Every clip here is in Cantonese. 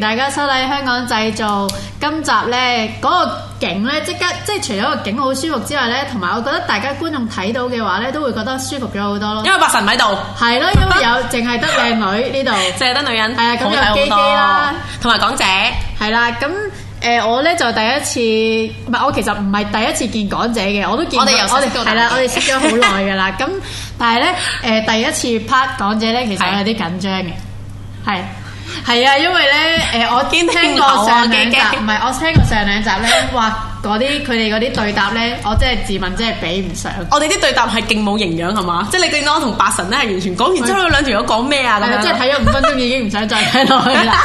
大家收睇香港製造，今集咧嗰個景咧，即刻即係，除咗個景好舒服之外咧，同埋我覺得大家觀眾睇到嘅話咧，都會覺得舒服咗好多咯。因為白神喺度，係咯，因為有淨係得靚女呢度，淨係得女人，係啊，咁又璣璣啦，同埋港姐，係啦，咁誒我咧就第一次，唔係我其實唔係第一次見港姐嘅，我都見過，我哋又識，係啦，我哋識咗好耐噶啦，咁但係咧誒第一次拍港姐咧，其實我有啲緊張嘅，係。係啊，因為咧，誒，我已經聽過上兩集，唔係，我聽過上兩集咧，話嗰啲佢哋嗰啲對答咧， 我真係自問真係比唔上。我哋啲對答係勁冇營養係嘛？即係 你勁朗同八神咧係完全講完之後，兩條友講咩啊？咁即係睇咗五分鐘已經唔想再睇落去啦。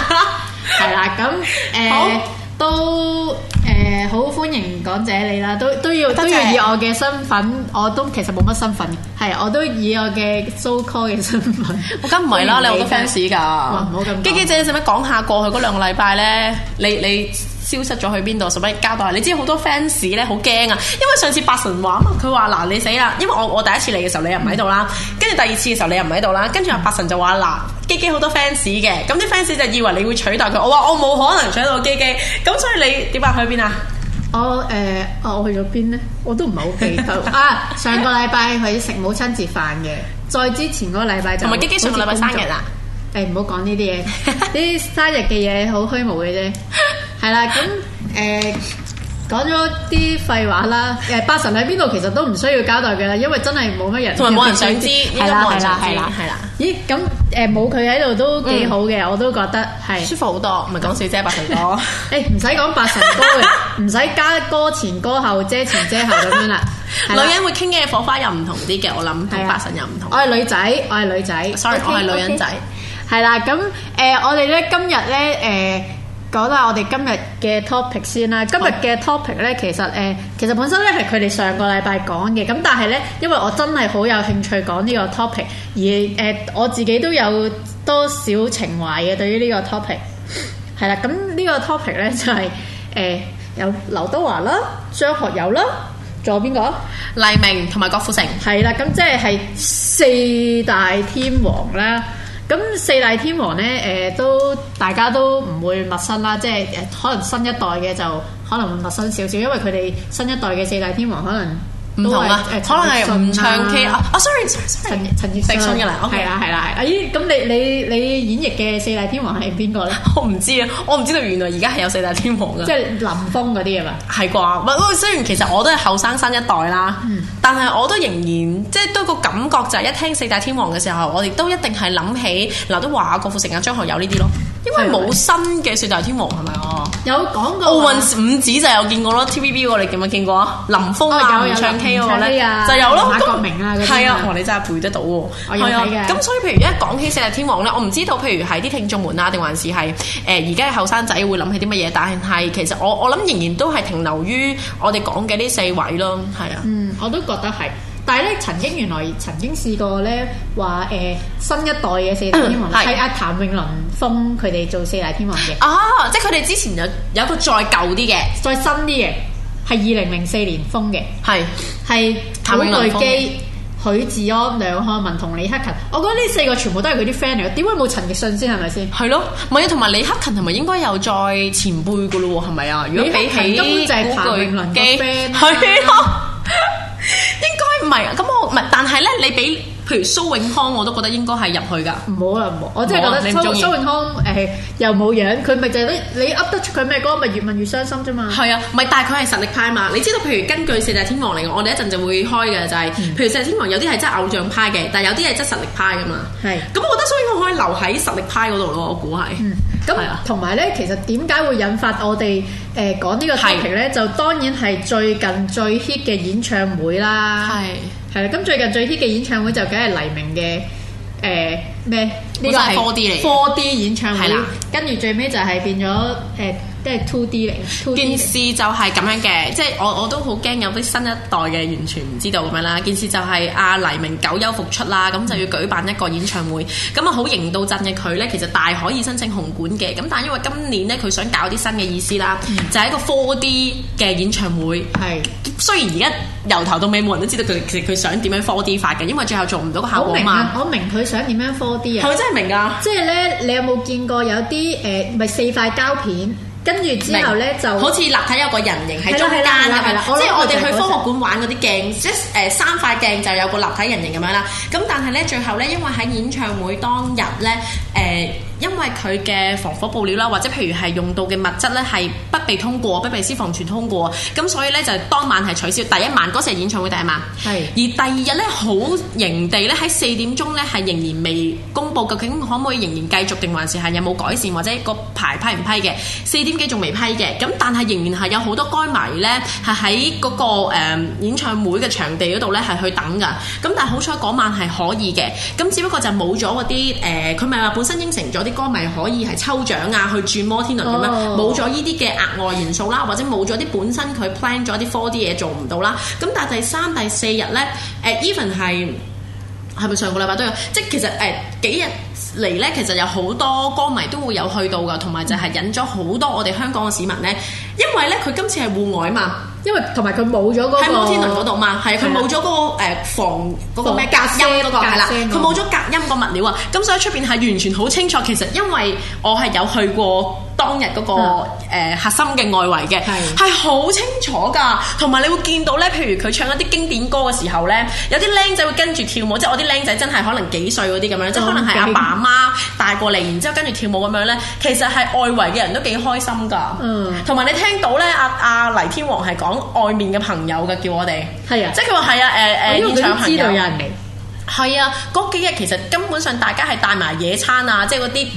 係啦， 咁、呃、好，都。誒，好、呃、歡迎港姐你啦，都都要嗎都要以我嘅身份，我都其實冇乜身份嘅，係我都以我嘅、so、s o call 嘅身份，我梗唔係啦，我你好多 fans 㗎，璣璣姐，使唔使講下過去嗰兩個禮拜咧？你你消失咗去邊度？使乜交代？你知好多 fans 咧好驚啊，因為上次八神話佢話嗱你死啦，因為我我第一次嚟嘅時候你又唔喺度啦，跟住第二次嘅時候你又唔喺度啦，跟住阿八神就話嗱璣璣好多 fans 嘅，咁啲 fans 就以為你會取代佢，我話我冇可能取代璣璣，咁所以你點解去？邊啊？我誒、呃，我去咗邊咧？我都唔係好記得 啊！上個禮拜去食母親節飯嘅，再之前嗰個禮拜就唔係，璣璣上個禮拜生日啦。誒、 嗯，唔好講呢啲嘢，啲生日嘅嘢好虛無嘅啫。係、呃、啦，咁誒。講咗啲廢話啦，誒八神喺邊度其實都唔需要交代嘅啦，因為真係冇乜人同埋冇人想知，係啦係啦係啦係啦。咦？咁誒冇佢喺度都幾好嘅，我都覺得係舒服好多。唔係講笑啫，八神哥，誒唔使講八神哥嘅，唔使加歌前歌後遮前遮後咁樣啦。女人會傾嘅火花又唔同啲嘅，我諗同八神又唔同。我係女仔，我係女仔，sorry，我係女人仔。係啦，咁誒，我哋咧今日咧誒。講下我哋今日嘅 topic 先啦。今日嘅 topic 呢，其實誒、呃，其實本身咧係佢哋上個禮拜講嘅。咁但係呢，因為我真係好有興趣講呢個 topic，而誒我自己都有多少情懷嘅對於呢個 topic。係啦，咁呢個 topic 呢，就係誒、呃、有劉德華啦、張學友啦，仲有邊個？黎明同埋郭富城。係啦，咁即係係四大天王啦。咁四大天王咧，誒、呃，都大家都唔會陌生啦，即係誒可能新一代嘅就可能會陌生少少，因為佢哋新一代嘅四大天王可能。唔同啊？可能係唔唱 K 啊！啊，sorry，sorry 陳陳奕迅嘅啦，係啦係啦。咦，咁、okay 哎、你你你演繹嘅四大天王係邊個咧？我唔知啊，我唔知道原來而家係有四大天王噶。即係林峰嗰啲啊嘛。係啩？唔，雖然其實我都係後生新一代啦，嗯、但係我都仍然即係都個感覺就係一聽四大天王嘅時候，我哋都一定係諗起劉德華、郭、啊、富城、阿張學友呢啲咯。因為冇新嘅四大天王係咪啊？有講過奧運五子就有見過咯，TVB 你有冇見過啊？林峯啊，唱 K 嗰個咧就有咯。馬國明啊嗰啲天王你真係陪得到喎。係啊，咁所以譬如一講起四大天王咧，我唔知道譬如係啲聽眾們啊，定還是係誒而家嘅後生仔會諗起啲乜嘢？但係其實我我諗仍然都係停留於我哋講嘅呢四位咯，係啊。嗯，我都覺得係。但係咧，曾經原來曾經試過咧話誒新一代嘅四大天王係阿譚詠麟封佢哋做四大天王嘅。哦，即係佢哋之前有有個再舊啲嘅、再新啲嘅，係二零零四年封嘅。係係譚詠麟、許志安、梁漢文同李克勤。我覺得呢四個全部都係佢啲 friend 嚟嘅。點會冇陳奕迅先係咪先？係咯，咪係同埋李克勤係咪應該有再前輩嘅咯喎，係咪啊？如果比起譚詠麟嘅 friend，係咯，唔係，咁我唔係，但係咧，你俾譬如蘇永康，我都覺得應該係入去噶。唔好啦，唔好，我真係覺得蘇永康誒、呃、又冇樣，佢咪就係你你噏得出佢咩歌，咪越問越傷心啫嘛。係啊，唔係但係佢係實力派嘛。你知道譬如根據四大天王嚟嘅，我哋一陣就會開嘅就係、是，嗯、譬如四大天王有啲係真係偶像派嘅，但係有啲係真係實力派㗎嘛。係是，咁我覺得蘇永康可以留喺實力派嗰度咯，我估係。嗯咁同埋咧，其實點解會引發我哋誒講呢個題材咧？就當然係最近最 hit 嘅演唱會啦。係係啦，咁最近最 hit 嘅演唱會就梗係黎明嘅誒咩？呢、呃這個係 4D 嚟 4D 演唱會啦。跟住的最尾就係變咗誒。呃即係 two D 嚟，件事就係咁樣嘅，即係我我都好驚有啲新一代嘅完全唔知道咁樣啦。件事就係阿黎明久休復出啦，咁就要舉辦一個演唱會，咁啊好型到震嘅佢呢，其實大可以申請紅館嘅，咁但因為今年呢，佢想搞啲新嘅意思啦，嗯、就係一個 four D 嘅演唱會。係是，雖然而家由頭到尾冇人都知道佢佢想點樣 four D 化嘅，因為最後做唔到個效果嘛。我明，佢想點樣 four D 啊。係，真係明㗎。即係呢，你有冇見過有啲誒咪四塊膠片？跟住之後咧，明白就好似立體有個人形喺中間咁啊！即係、啊啊啊啊、我哋去科學館玩嗰啲鏡，即係三塊鏡就有個立體人形咁樣啦。咁但係咧，最後咧，因為喺演唱會當日咧，誒、呃。因為佢嘅防火布料啦，或者譬如係用到嘅物質咧，係不被通過不被消防處通過，咁所以咧就當晚係取消。第一晚嗰時係演唱會第一晚，係是而第二日咧好營地咧，喺四點鐘咧係仍然未公布究竟可唔可以仍然繼續定還是係有冇改善或者個牌批唔批嘅四點幾仲未批嘅，咁但係仍然係有好多歌迷咧係喺嗰個、呃、演唱會嘅場地度咧係去等㗎。咁但係好彩嗰晚係可以嘅，咁只不過就冇咗啲誒佢咪話本身應承咗啲。歌迷可以係抽獎啊，去轉摩天輪咁樣，冇咗呢啲嘅額外元素啦，或者冇咗啲本身佢 plan 咗啲科啲嘢，做唔到啦。咁但係第三、第四日咧，誒 even 係係咪上個禮拜都有？即係其實誒幾日嚟咧，其實有好多歌迷都會有去到噶，同埋就係引咗好多我哋香港嘅市民咧，因為咧佢今次係戶外啊嘛。因為同埋佢冇咗嗰個喺摩天輪嗰度嘛，係啊的，佢冇咗嗰個、呃、防嗰、嗰個咩隔音嗰個係啦，佢冇咗隔音個物料啊，咁、嗯、所以出邊係完全好清楚，其實因為我係有去過。當日嗰、那個、嗯呃、核心嘅外圍嘅係係好清楚㗎，同埋你會見到咧，譬如佢唱一啲經典歌嘅時候咧，有啲僆仔會跟住跳舞，即係我啲僆仔真係可能幾歲嗰啲咁樣，嗯、即係可能係阿爸，爸媽，媽帶過嚟，然之後跟住跳舞咁樣咧，其實係外圍嘅人都幾開心㗎。嗯，同埋你聽到咧，阿、啊、阿、啊、黎天王係講外面嘅朋友嘅叫我哋係啊，即係佢話係啊誒誒現場朋友係啊，嗰、啊、幾日其實根本上大家係帶埋野餐啊，即係嗰啲。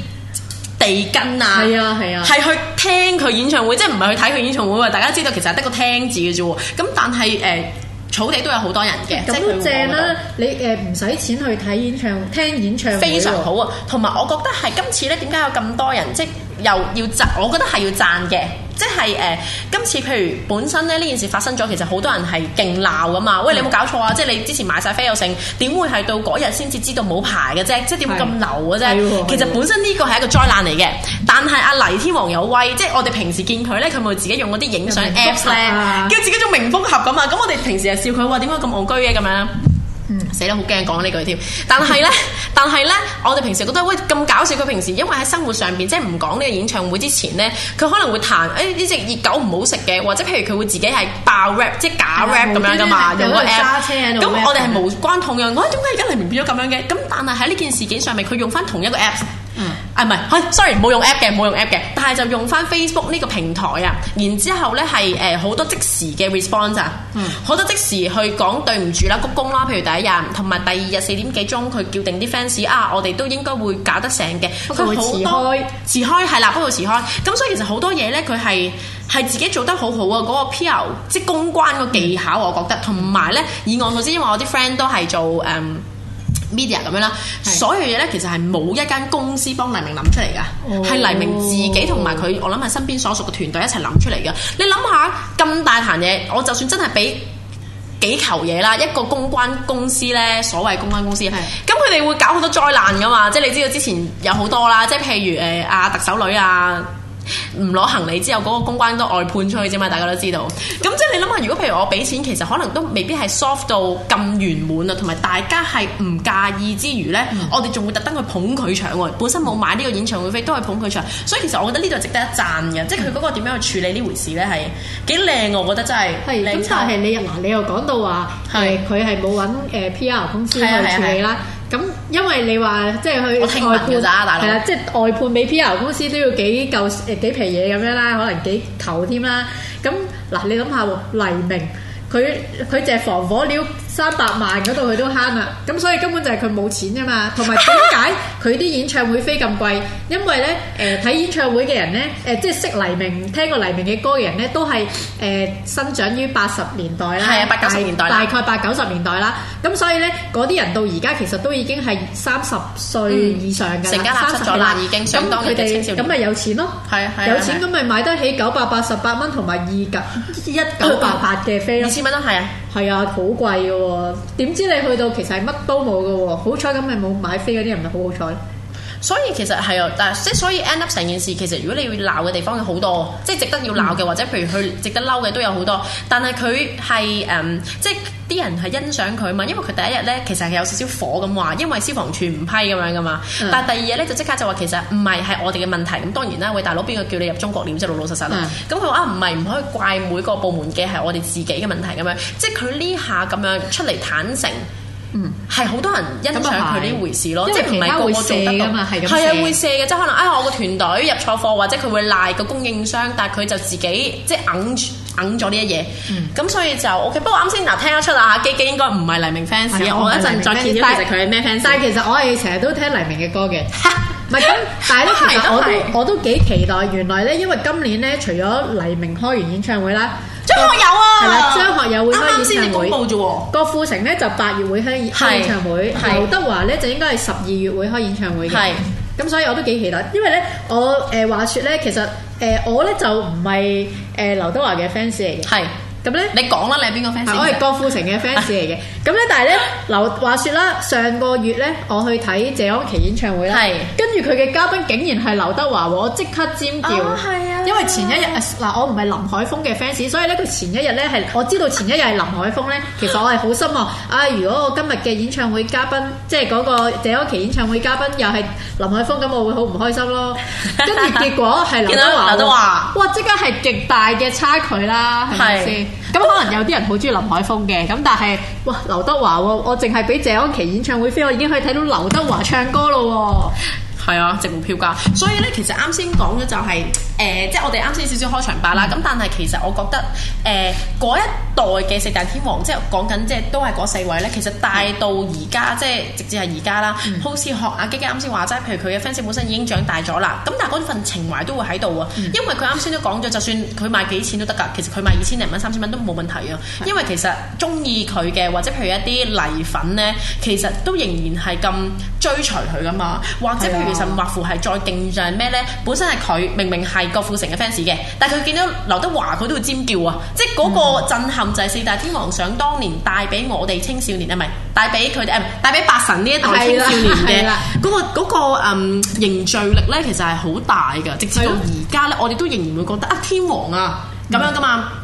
地根啊，係啊係啊，係、啊、去聽佢演唱會，即係唔係去睇佢演唱會。大家知道其實係得個聽字嘅啫。咁但係誒、呃，草地都有好多人嘅，咁樣，正啦，啊。你誒唔使錢去睇演唱，聽演唱、啊、非常好啊。同埋我覺得係今次呢點解有咁多人即又要讚？我覺得係要讚嘅。即係誒、呃，今次譬如本身咧呢件事發生咗，其實好多人係勁鬧噶嘛。喂，喂，你冇搞錯啊！嗯、即係你之前買晒飛又性，點會係到嗰日先至知道冇牌嘅啫？即係點會咁流嘅啫？其實本身呢個係一個災難嚟嘅。但係阿、啊、黎天王有威，即係我哋平時見佢咧，佢咪會自己用嗰啲影相 apps 咧的，啊、叫自己做明風俠咁嘛。咁我哋平時係笑佢話點解咁戇居嘅咁樣。死得好驚講呢句添，但係咧，但係咧，我哋平時覺得喂，咁搞笑，佢平時因為喺生活上邊，即係唔講呢個演唱會之前咧，佢可能會彈誒呢隻熱狗唔好食嘅，或者譬如佢會自己係爆 rap，即係假 rap 咁樣㗎嘛，用個 app、嗯。揸車喺度。咁我哋係無關痛癢，喂、哎，點解而家唔變咗咁樣嘅？咁但係喺呢件事件上面，佢用返同一個 app。嗯、啊，啊唔係，係，sorry，冇用 app 嘅，冇用 app 嘅，但係就用翻 Facebook 呢個平台啊，然之後咧係誒好多即時嘅 response 啊、嗯，好多即時去講對唔住啦，鞠躬啦，譬如第一日，同埋第二日四點幾鐘佢叫定啲 fans 啊，我哋都應該會搞得成嘅，佢好多，遲開係啦，不過遲開，咁所以其實好多嘢咧佢係係自己做得好好啊，嗰、那個 PR 即公關個技巧，嗯、我覺得，同埋咧以外，所知因為我啲 friend 都係做誒。呃 media 咁樣啦，是所有嘢咧其實係冇一間公司幫黎明諗出嚟嘅，係、哦、黎明自己同埋佢我諗下身邊所屬嘅團隊一齊諗出嚟嘅。你諗下咁大壇嘢，我就算真係俾幾球嘢啦，一個公關公司咧，所謂公關公司，咁佢哋會搞好多災難噶嘛？即係你知道之前有好多啦，即係譬如誒阿特首女啊。唔攞行李之後，嗰個公關都外判出去啫嘛，大家都知道。咁即係你諗下，如果譬如我俾錢，其實可能都未必係 soft 到咁圓滿啊，同埋大家係唔介意之餘呢，嗯、我哋仲會特登去捧佢場喎。本身冇買呢個演唱會飛，都去捧佢場。所以其實我覺得呢度值得一讚嘅，嗯、即係佢嗰個點樣去處理呢回事呢？係幾靚，我覺得真係。係咁是，但係你嗱，你又講到話係佢係冇揾 PR 公司去處理啦。因為你話即係去外判咋，大佬係啊，即係外判俾哥 P.R. 公司都要幾舊幾幾皮嘢咁樣啦，可能幾頭添啦。咁嗱，你諗下黎明，佢佢淨係防火料。三百萬嗰度佢都慳啦，咁 所以根本就係佢冇錢㗎嘛。同埋點解佢啲演唱會飛咁貴？因為咧誒睇演唱會嘅人咧誒、呃、即係識黎明、聽過黎明嘅歌嘅人咧，都係誒、呃、生長於八十年代啦，係啊， 八九十年代 大概八九十年代啦。咁 所以咧嗰啲人到而家其實都已經係三十歲以上嘅成、嗯、家三十歲啦，已經咁佢哋咁咪有錢咯，係啊係有錢咁咪買得起九百八十八蚊同埋二一九八八嘅飛咯，二千蚊啦，係啊。係啊，好貴㗎喎，點知你去到其實係乜都冇㗎喎，好彩咁咪冇買飛嗰啲人咪好好彩。所以其實係啊，但即所以 end up 成件事其實如果你要鬧嘅地方有好多，即係值得要鬧嘅、嗯、或者譬如佢值得嬲嘅都有好多。但係佢係誒，即係啲人係欣賞佢嘛，因為佢第一日咧其實係有少少火咁話，因為消防處唔批咁樣噶嘛。但係第二日咧就即刻就話其實唔係係我哋嘅問題。咁當然啦，喂，大佬，邊個叫你入中國唸，即係老老實實啦。咁佢話啊，唔係唔可以怪每個部門嘅，係我哋自己嘅問題咁樣，即係佢呢下咁樣出嚟坦誠。嗯，係好多人欣賞佢呢回事咯，即係唔係個個做得㗎嘛，係咁。係啊，會卸嘅，即係可能啊，我個團隊入錯貨，或者佢會賴個供應商，但係佢就自己即係揞揞咗呢一嘢。咁所以就 OK。不過啱先嗱，聽得出啊，璣璣應該唔係黎明 fans，我一陣再揭。其實佢係咩 fans？其實我係成日都聽黎明嘅歌嘅。唔係咁，但係都其實我都幾期待。原來咧，因為今年咧，除咗黎明開完演唱會啦。張學友啊，張學友會開演唱會，啱啱先先公布啫 郭富城咧，就八月會開演唱會，劉德華咧就應該係十二月會開演唱會嘅。咁是所以我都幾期待，因為咧我誒話說咧，其實誒、呃、我咧就唔係誒劉德華嘅 fans 嚟嘅。咁咧，你講啦、嗯，你係邊個 fans？我係郭富城嘅 fans 嚟嘅。咁咧， 但係咧，嗱，話説啦，上個月咧，我去睇謝安琪演唱會啦，係是。跟住佢嘅嘉賓竟然係劉德華，我即刻尖叫，係、哦、啊！因為前一日嗱、啊啊，我唔係林海峰嘅 fans，所以咧，佢前一日咧係我知道前一日係林海峰咧，其實我係好失望。啊，如果我今日嘅演唱會嘉賓，即係嗰個謝安琪演唱會嘉賓又係林海峰，咁，我會好唔開心咯。跟住結果係劉德華， 劉德華，哇！即刻係極大嘅差距啦，係咪先？咁可能有啲人好中意林海峰嘅，咁但係，哇，劉德華喎、啊，我淨係俾謝安琪演唱會飛，我已經可以睇到劉德華唱歌咯喎！係啊，值個票價。所以咧，其實啱先講嘅就係、是、誒、呃，即係我哋啱先少少開場白啦。咁、嗯、但係其實我覺得誒，嗰、呃、一代嘅四大天王，即係講緊即係都係嗰四位咧。其實大到而家，嗯、即係直至係而家啦，好似學阿璣璣啱先話齋，譬如佢嘅 fans 本身已經長大咗啦。咁但係嗰份情懷都會喺度啊。因為佢啱先都講咗，就算佢賣幾錢都得㗎。其實佢賣二千零蚊、三千蚊都冇問題啊。因為其實中意佢嘅，或者譬如一啲迷粉咧，其實都仍然係咁追隨佢㗎嘛。嗯、或者譬如。甚至、嗯、乎係再勁像咩咧？本身係佢明明係郭富城嘅 fans 嘅，但係佢見到劉德華佢都會尖叫啊！即係嗰個震撼就係四大天王，想當年帶俾我哋青少年啊，咪係帶俾佢哋誒，帶俾、嗯、八神呢一代青少年嘅嗰、個嗰、個嗯、凝聚力咧，其實係好大嘅，直至到而家咧，了我哋都仍然會覺得啊，天王啊咁、嗯、樣噶嘛～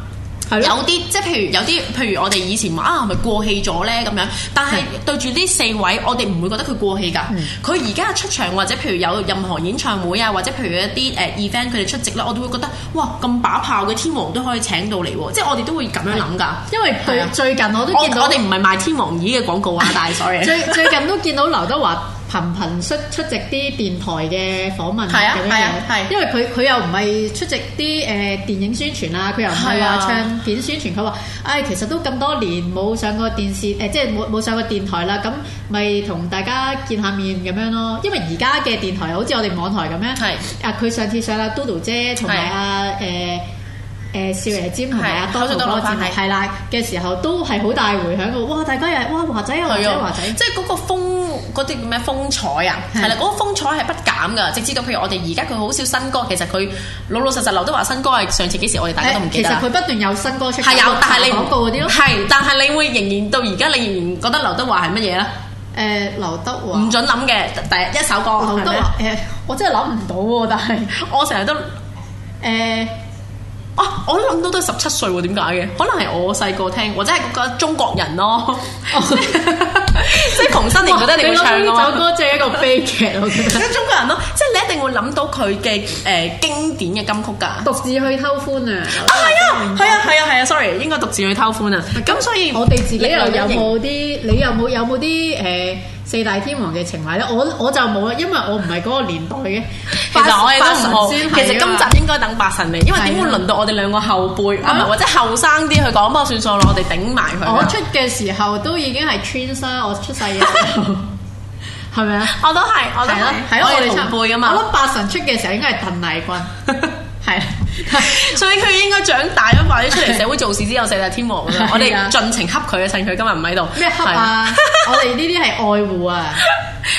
是有啲即係譬如有啲，譬如我哋以前話啊，係咪過氣咗咧咁樣？但係對住呢四位，我哋唔會覺得佢過氣㗎。佢而家出場或者譬如有任何演唱會啊，或者譬如一啲誒、呃、event 佢哋出席咧，我都會覺得哇咁把炮嘅天王都可以請到嚟喎，即係我哋都會咁樣諗㗎。因為最近我都見到，我哋唔係賣天王椅嘅廣告啊， 但係所以最最近都見到劉德華。頻頻出出席啲電台嘅訪問，係啊，樣，因為佢佢又唔係出席啲誒電影宣傳啊，佢又唔係話唱片宣傳。佢話：「唉，其實都咁多年冇上過電視，誒，即係冇冇上過電台啦，咁咪同大家見下面咁樣咯。因為而家嘅電台好似我哋網台咁樣，啊佢上次上阿嘟嘟姐同埋阿誒誒少爺占同埋阿多蘋果占係啦嘅時候，都係好大回響。嘅，哇！大家又係哇華仔啊華仔華仔，即係嗰個風。嗰啲叫咩風采啊，係啦，嗰個風采係不減㗎，直至到譬如我哋而家佢好少新歌，其實佢老老實實劉德華新歌係上次幾時我哋大家都唔記得。其實佢不斷有新歌出。係有，但係你唔廣告嗰啲咯。係，但係你會仍然到而家，你仍然覺得劉德華係乜嘢咧？誒，劉德華。唔准諗嘅，第一首歌係咪？誒，都，呃，我真係諗唔到喎，但係我成日都誒，呃。啊！我都諗到都係十七歲喎，點解嘅？可能係我細個聽，或者係個中國人咯，即係逢新年覺得你唱首歌，即係一個悲劇咯。中國人咯，即係你一定會諗到佢嘅誒經典嘅金曲噶，獨自去偷歡啊！啊係啊，係啊，係啊，係啊，sorry，應該獨自去偷歡啊。咁所以我哋自己又有冇啲？你有冇有冇啲誒？四大天王嘅情懷咧，我我就冇啦，因為我唔係嗰個年代嘅。其實我哋都唔其實今集應該等八神嚟，因為點會輪到我哋兩個後輩，或者後生啲去講波算數咯，我哋頂埋佢。我出嘅時候都已經係 Twins，我出世嘅時候係咪啊？我都係，我都係，我哋後輩噶嘛。我諗八神出嘅時候應該係鄧麗君，係。所以佢應該長大咗，或者出嚟社會做事之後，四大天王。我哋盡情恰佢嘅，趁佢今日唔喺度。咩恰啊？我哋呢啲係愛護啊！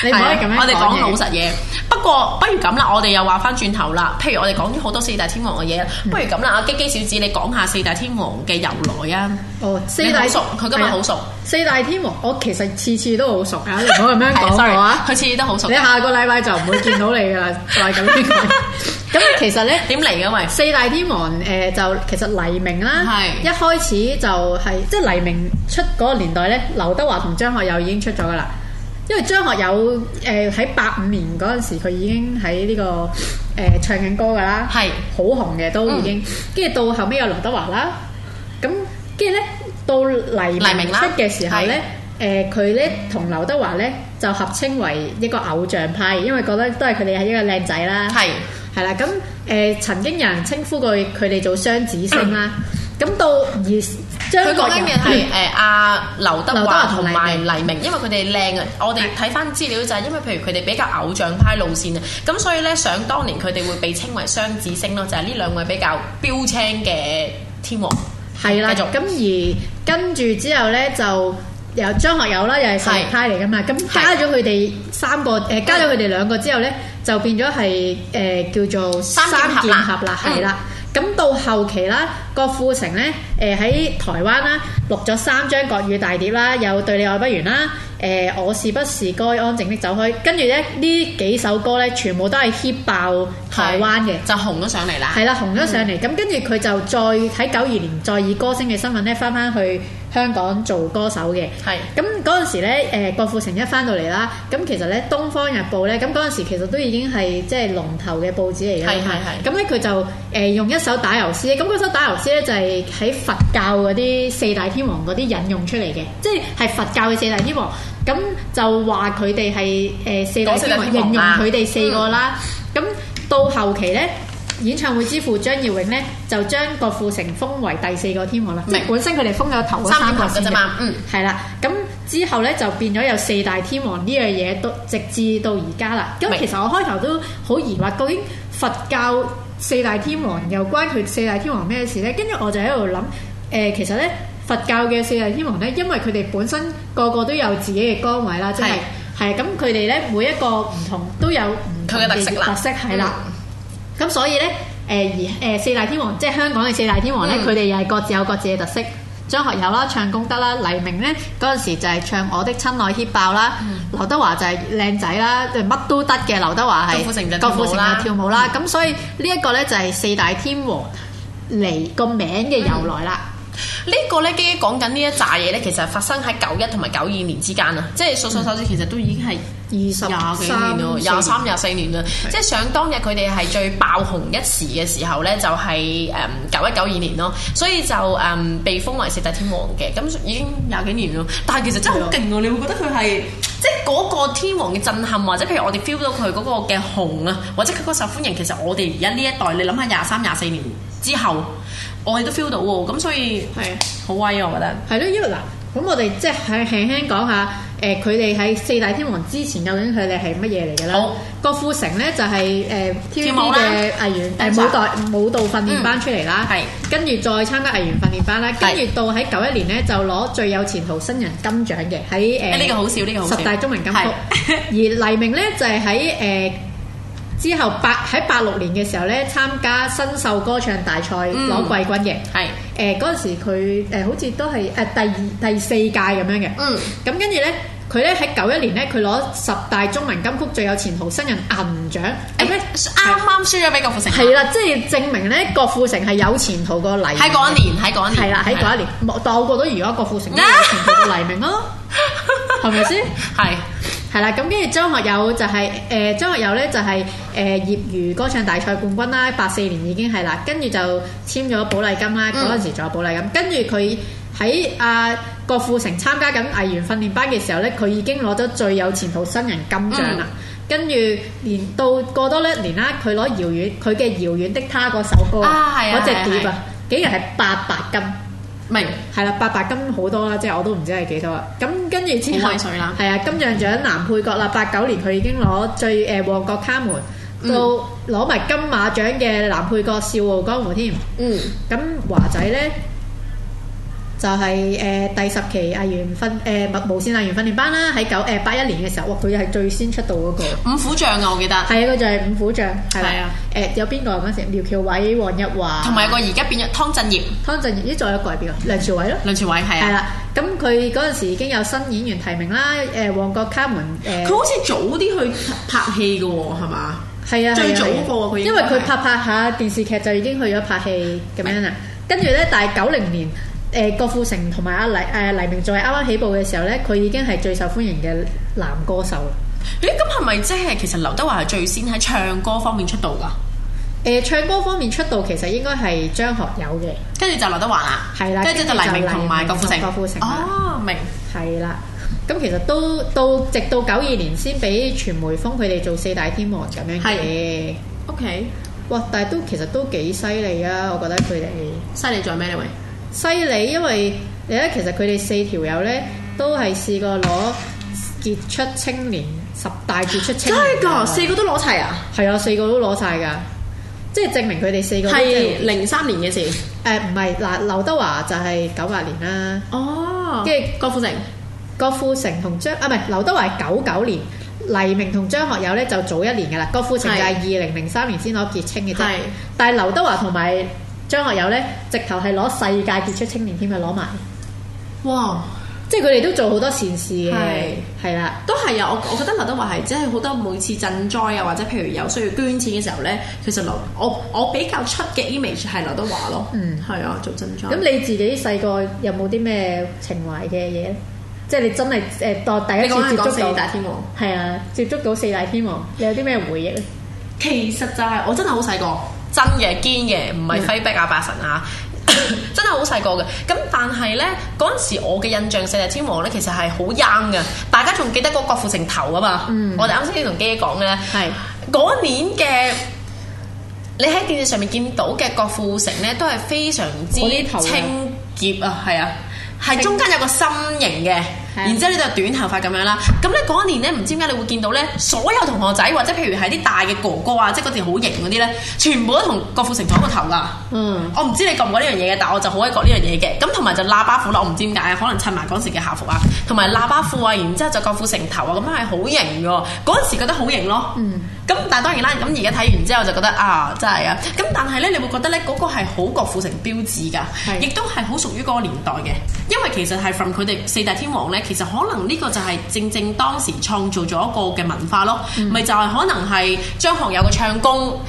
你唔可以咁樣講，我哋講老實嘢。不過不如咁啦，我哋又話翻轉頭啦。譬如我哋講咗好多四大天王嘅嘢，不如咁啦。阿基基小子，你講下四大天王嘅由來啊？哦，四大熟，佢今日好熟。四大天王，我其實次次都好熟。唔好咁樣講嘅話，佢次次都好熟。你下個禮拜就唔會見到你噶啦，就係咁咁其實咧點嚟嘅喂，四大天王？誒、呃，就其實黎明啦，是一開始就係、是、即係黎明出嗰個年代咧。劉德華同張學友已經出咗嘅啦，因為張學友誒喺八五年嗰陣時，佢已經喺呢、這個誒、呃、唱緊歌嘅啦，係好是紅嘅都已經。跟住、嗯、到後尾有劉德華啦，咁跟住咧到黎明出嘅時候咧，誒佢咧同劉德華咧就合稱為一個偶像派，因為覺得都係佢哋係一個靚仔啦，係是。係啦，咁誒、嗯、曾經有人稱呼佢佢哋做雙子星啦。咁到、嗯、而張學友佢講緊嘅係誒阿劉德華同埋黎明，因為佢哋靚啊！嗯、我哋睇翻資料就係因為，譬如佢哋比較偶像派路線啊，咁所以咧，想當年佢哋會被稱為雙子星咯，就係、是、呢兩位比較標青嘅天王。係啦、嗯，咁、嗯、而跟住之後咧，就由張學友啦，又係實派嚟噶嘛，咁對、嗯、加咗佢哋三個，誒對加咗佢哋兩個之後咧。就變咗係誒叫做三劍俠啦，係啦。咁啦、嗯、到後期啦，郭富城咧誒喺台灣啦。錄咗三張國語大碟啦，有對你愛不完啦，誒、呃，我是不是該安靜的走開，跟住咧呢幾首歌咧，全部都係 hit 爆台灣嘅，就紅咗上嚟啦。係啦，紅咗上嚟，咁跟住佢就再喺九二年再以歌星嘅身份咧，返返去香港做歌手嘅。係是，咁嗰陣時咧，誒，郭富城一返到嚟啦，咁其實咧，《東方日報呢》咧，咁嗰陣時其實都已經係即係龍頭嘅報紙嚟嘅。係係係。咁咧，佢就誒用一首打油詩，咁嗰首打油詩咧就係、是、喺佛教嗰啲四大天天王啲引用出嚟嘅，即係係佛教嘅四大天王，咁就話佢哋係誒四大天王形容佢哋四個啦。咁、嗯、到後期咧，演唱會之父張耀榮咧就將郭富城封為第四個天王啦。即係本身佢哋封咗頭三個嘅啫嘛。嗯，係啦。咁之後咧就變咗有四大天王呢樣嘢，到直至到而家啦。咁其實我開頭都好疑惑，究竟佛教四大天王又關佢四大天王咩事咧？跟住我就喺度諗，誒、呃，其實咧。呃佛教嘅四大天王咧，因為佢哋本身個個都有自己嘅崗位啦，即係係咁佢哋咧每一個唔同都有唔同嘅特色係啦。咁所以咧，誒而誒四大天王即係香港嘅四大天王咧，佢哋又係各自有各自嘅特色。張學友啦，唱功得啦；黎明咧嗰陣時就係唱我的親愛 hit 爆啦。劉德華就係靚仔啦，乜都得嘅劉德華係。郭富城郭富城跳舞啦，咁所以呢一個咧就係四大天王嚟個名嘅由來啦。呢、這個咧，講緊呢一紮嘢咧，其實發生喺九一同埋九二年之間啊，即係數數手指，其實都已經係二十幾年咯，廿三、廿四年啦。是的 即係想當日佢哋係最爆紅一時嘅時候咧，就係、是、誒、嗯、九一九二年咯。所以就誒、嗯、被封為四大天王嘅，咁已經廿幾年咯。但係其實真係好勁喎，嗯、你會覺得佢係即係嗰個天王嘅震撼，或者譬如我哋 feel 到佢嗰個嘅紅啊，或者佢嗰個受歡迎，其實我哋而家呢一代，你諗下廿三、廿四年之後。我哋都 feel 到喎，咁所以係好威啊！的我覺得係咯，因為嗱，咁我哋即係輕輕講下，誒、呃，佢哋喺四大天王之前究竟佢哋係乜嘢嚟嘅啦？郭富、哦、城咧就係誒 TVB 嘅藝員，誒、呃、舞蹈舞蹈訓練班出嚟啦，跟住、嗯、再參加藝員訓練班啦，跟住的到喺九一年咧就攞最有前途新人金獎嘅喺誒呢個好笑，呢、這個好笑十大中文金曲，是的 而黎明咧就係喺誒。呃之後八喺八六年嘅時候咧，參加新秀歌唱大賽攞季、嗯、軍嘅。係誒嗰陣時佢誒、呃、好似都係誒、呃、第二第二四屆咁樣嘅。嗯，咁跟住咧，佢咧喺九一年咧，佢攞十大中文金曲最有前途新人銀獎。啱啱、欸嗯、輸咗俾郭富城。係啦，即、就、係、是、證明咧、啊，郭富城係有前途個黎明。喺嗰一年，喺嗰一年係啦，喺嗰一年，當我過到而家，郭富城都有前途個黎明咯、啊，係咪先？係。係啦，咁跟住張學友就係誒張學友咧、就是，就係誒業餘歌唱大賽冠軍啦，八四年已經係啦，跟住就簽咗寶麗金啦，嗰陣、嗯、時仲有寶麗金，跟住佢喺阿郭富城參加緊藝員訓練班嘅時候咧，佢已經攞咗最有前途新人金獎啦，跟住連到過多一年啦，佢攞《遙遠》佢嘅《遙遠的她》嗰首歌，嗰隻碟啊，竟然係八白金。明係啦，八百、嗯、金好多啦，即係我都唔知係幾多啊。咁跟住之後，係啊，金像獎男配角啦，八九年佢已經攞最誒旺角卡門到攞埋金馬獎嘅男配角，笑傲江湖添。嗯，咁華仔呢？就係誒第十期藝員訓誒無無線藝員訓練班啦，喺九誒八一年嘅時候，佢係最先出道嗰個。五虎將啊，我記得。係啊，佢就係五虎將。係啊。誒有邊個嗰陣時？苗僑偉、黃日華。同埋個而家變咗湯鎮業。湯鎮業依再一個係邊個？梁朝偉咯。梁朝偉係啊。係啦。咁佢嗰陣時已經有新演員提名啦。誒，旺角卡門。誒。佢好似早啲去拍戲㗎喎，係嘛？係啊。最早嗰個佢。因為佢拍拍下電視劇，就已經去咗拍戲咁樣啦。跟住咧，但係九零年，誒、呃、郭富城同埋阿黎誒黎明，仲係啱啱起步嘅時候咧，佢已經係最受歡迎嘅男歌手。誒咁係咪即係其實劉德華係最先喺唱歌方面出道噶？誒、呃、唱歌方面出道其實應該係張學友嘅，跟住就劉德華啦，係啦，跟住就黎明同埋郭富城。郭富城。哦，明係啦。咁其實都到直到九二年先俾傳媒封佢哋做四大天王咁樣嘅。O K。Okay. 哇！但係都其實都幾犀利啊，我覺得佢哋犀利在咩咧？喂？Anyway. 犀利，因為你睇其實佢哋四條友咧，都係試過攞傑出青年十大傑出青年。青年真係噶、啊，四個都攞齊啊！係啊，四個都攞晒㗎，即係證明佢哋四個都係零三年嘅事。誒唔係嗱，劉德華就係九八年啦。哦，跟住著郭富城，郭富城同張啊唔係劉德華係九九年，黎明同張學友咧就早一年㗎啦。郭富城係二零零三年先攞傑青嘅，啫是。但係劉德華同埋。張學友咧，直頭係攞世界傑出青年添，去攞埋，哇！即係佢哋都做好多善事嘅，係啦係，的都係啊！我我覺得劉德華係即係好多每次賑災啊，或者譬如有需要捐錢嘅時候咧，其實劉我我比較出嘅 image 係劉德華咯，嗯，係啊，做賑災。咁你自己細個有冇啲咩情懷嘅嘢？即係你真係誒、呃、當第一次說說接觸四大天王，係啊，接觸到四大天王，你有啲咩回憶啊？其實就係、是、我真係好細個。真嘅堅嘅，唔係輝逼阿八神啊， 真係好細個嘅。咁但係呢，嗰陣時我嘅印象，四大天王呢其實係好 young 嘅。大家仲記得個郭富城頭啊嘛？嗯、我哋啱先先同璣姐講咧，嗰是年嘅你喺電視上面見到嘅郭富城呢，都係非常之清潔啊，係啊，係中間有個心形嘅。是然之後呢度短頭髮咁樣啦，咁咧嗰一年咧唔知點解你會見到咧，所有同學仔或者譬如係啲大嘅哥哥啊，即係嗰時好型嗰啲咧，全部都同郭富城同一個頭噶。嗯，我唔知你覺唔覺呢樣嘢嘅，但係我就好閪覺呢樣嘢嘅。咁同埋就喇叭褲啦，我唔知點解，可能襯埋嗰時嘅校服啊，同埋喇叭褲啊，然之後就郭富城頭啊，咁樣係好型㗎。嗰陣時覺得好型咯。嗯。嗯。咁但係當然啦，咁而家睇完之後就覺得啊，真係啊！咁但係咧，你會覺得咧嗰、那個係好郭富城標誌㗎，亦都係好屬於嗰個年代嘅，因為其實係 from 佢哋四大天王咧，其實可能呢個就係正正當時創造咗一個嘅文化咯，咪、嗯、就係可能係張學友嘅唱功。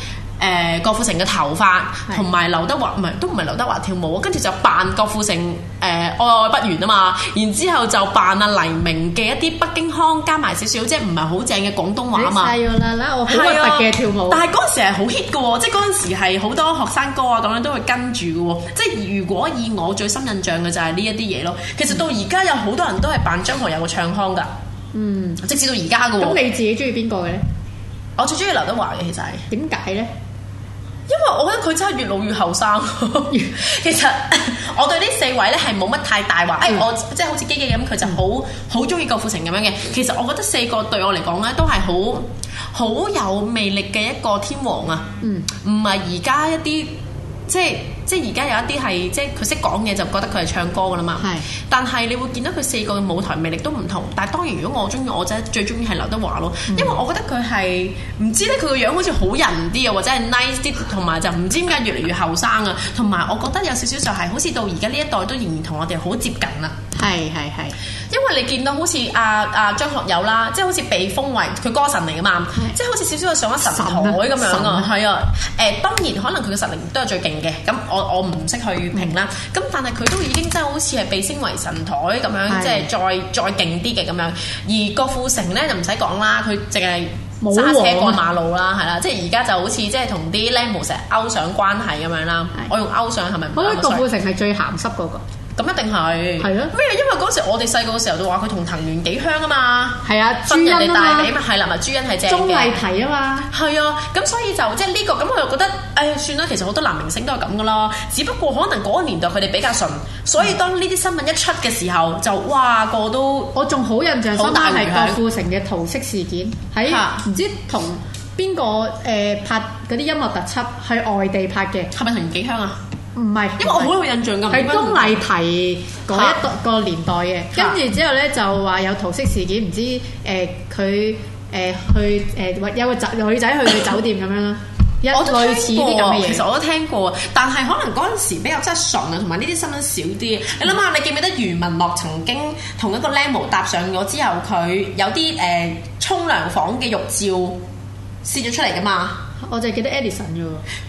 誒、呃、郭富城嘅頭髮同埋是劉德華唔係都唔係劉德華跳舞，跟住就扮郭富城誒、呃、愛愛不完啊嘛，然之後就扮阿黎明嘅一啲北京腔加埋少少，即係唔係好正嘅廣東話嘛。好核突嘅跳舞，但係嗰陣時係好 hit 嘅喎、哦，即係嗰陣時係好多學生哥啊咁樣都會跟住嘅喎，即係如果以我最深印象嘅就係呢一啲嘢咯。其實到而家有好多人都係扮張學友嘅唱腔㗎，嗯，直至到而家嘅。咁、嗯、你自己中意邊個嘅咧？我最中意劉德華嘅其實係點解咧？因為我覺得佢真係越老越後生， 其實我對呢四位呢係冇乜太大話。誒、嗯，我即係、就是、好似璣璣咁，佢就好好中意郭富城咁樣嘅。其實我覺得四個對我嚟講呢，都係好好有魅力嘅一個天王啊。嗯，唔係而家一啲。即係即係而家有一啲係即係佢識講嘢就覺得佢係唱歌噶啦嘛，是但係你會見到佢四個嘅舞台魅力都唔同，但係當然如果我中意我就最中意係劉德華咯，嗯、因為我覺得佢係唔知咧佢個樣好似好人啲啊，或者係 nice 啲，同埋就唔知點解越嚟越後生啊，同埋 我覺得有少少就係好似到而家呢一代都仍然同我哋好接近啦。係係係，是是是因為你見到好似阿阿張學友啦，即係好似被封為佢歌神嚟噶嘛，的即係好似少少去上咗神台咁樣啊，係啊，誒當然可能佢嘅實力都係最勁嘅，咁我我唔識去評啦，咁、嗯、但係佢都已經真係好似係被稱為神台咁樣，嗯、即係再再勁啲嘅咁樣。而郭富城咧就唔使講啦，佢淨係揸車過馬路啦，係啦，即係而家就好似即係同啲僆模成日勾上關係咁樣啦。的我用勾上係咪？我覺得郭富城係最鹹濕嗰個。咁一定係，咩啊？因為嗰時我哋細個嘅時候就話佢同藤原紀香啊嘛，係啊，分人哋大髀嘛，係啦、啊啊、嘛，朱茵係正嘅。鍾麗緹啊嘛，係啊，咁所以就即係呢個咁我又覺得，誒、哎、算啦，其實好多男明星都係咁噶啦，只不過可能嗰個年代佢哋比較純，所以當呢啲新聞一出嘅時候，就哇個都，我仲好印象深刻，係郭富城嘅桃色事件，喺唔、啊、知同邊個誒拍嗰啲音樂特輯，喺外地拍嘅，係咪藤原紀香啊？唔係，因為我好有印象㗎。係鍾麗緹嗰一個年代嘅，跟住之後咧就話有桃色事件，唔知誒佢誒去誒、呃、有個女仔去嘅酒店咁樣啦， 一類似啲咁嘅嘢。其實我都聽過，聽過但係可能嗰陣時比較真純啊，同埋呢啲新聞少啲。你諗下，你記唔記得余文樂曾經同一個僆模搭上咗之後，佢有啲誒沖涼房嘅浴照洩咗出嚟㗎嘛？我就係記得 Edison 㗎。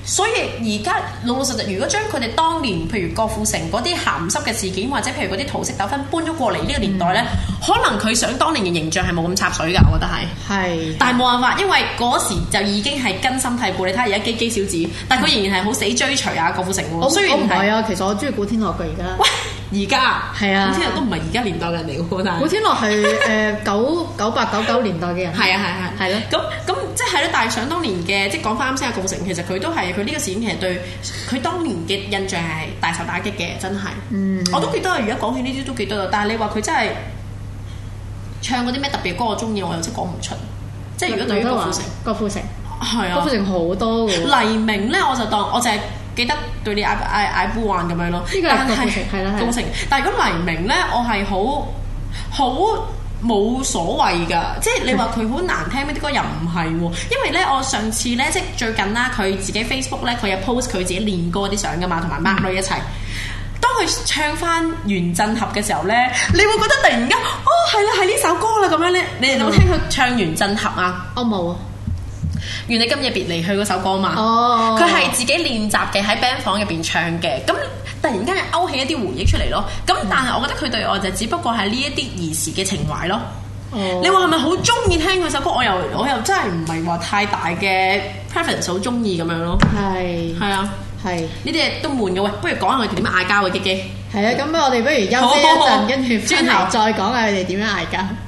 所以而家老老實實，如果將佢哋當年，譬如郭富城嗰啲鹹濕嘅事件，或者譬如嗰啲桃色糾紛搬咗過嚟呢個年代呢，嗯、可能佢想當年嘅形象係冇咁插水㗎，我覺得係。係是。但係冇辦法，因為嗰時就已經係根深蒂固。你睇下而家璣璣小子，但佢仍然係好死追隨啊郭富城。我雖然唔係啊，其實我中意古天樂佢而家。 而家啊，古天樂都唔係而家年代嘅人嚟喎，但古天樂係誒九九八九九年代嘅人。係 啊係係係咯，咁咁即係咧，但係想當年嘅，即係講翻啱先嘅郭富城，其實佢都係佢呢個事件其實對佢當年嘅印象係大受打擊嘅，真係。嗯嗯、我記都記得啊，而家講起呢啲都記得，但係你話佢真係唱嗰啲咩特別歌我中意，我又真講唔出。嗯、即係如果對於郭富城，郭富城係啊，郭富城好、啊、多嘅。黎明咧我就當我就係。記得對你嗌嗌嗌呼喊咁樣咯，但係富城。但係如果黎明咧，我係好好冇所謂㗎。即係你話佢好難聽啲歌又唔係喎。因為咧，我上次咧即係最近啦，佢自己 Facebook 咧，佢有 post 佢自己練歌啲相㗎嘛，同埋 Mark 班女一齊。當佢唱翻《原振俠》嘅時候咧，你會覺得突然間，哦，係啦、啊，係呢首歌啦咁樣咧。你哋有冇聽佢唱《原振俠》啊？嗯、哦，冇。啊。《願你今夜別離去》嗰首歌嘛，佢係、oh. 自己練習嘅喺 band 房入邊唱嘅，咁突然間勾起一啲回憶出嚟咯。咁、oh. 但係我覺得佢對我就只不過係呢一啲兒時嘅情懷咯。Oh. 你話係咪好中意聽嗰首歌？我又我又真係唔係話太大嘅 preference 好中意咁樣咯。係係是啊係呢啲嘢都悶嘅喂，不如講下佢點嗌交嘅，璣璣。係啊，咁、啊、我哋不如休息一陣，跟住翻嚟再講下佢哋點嗌交。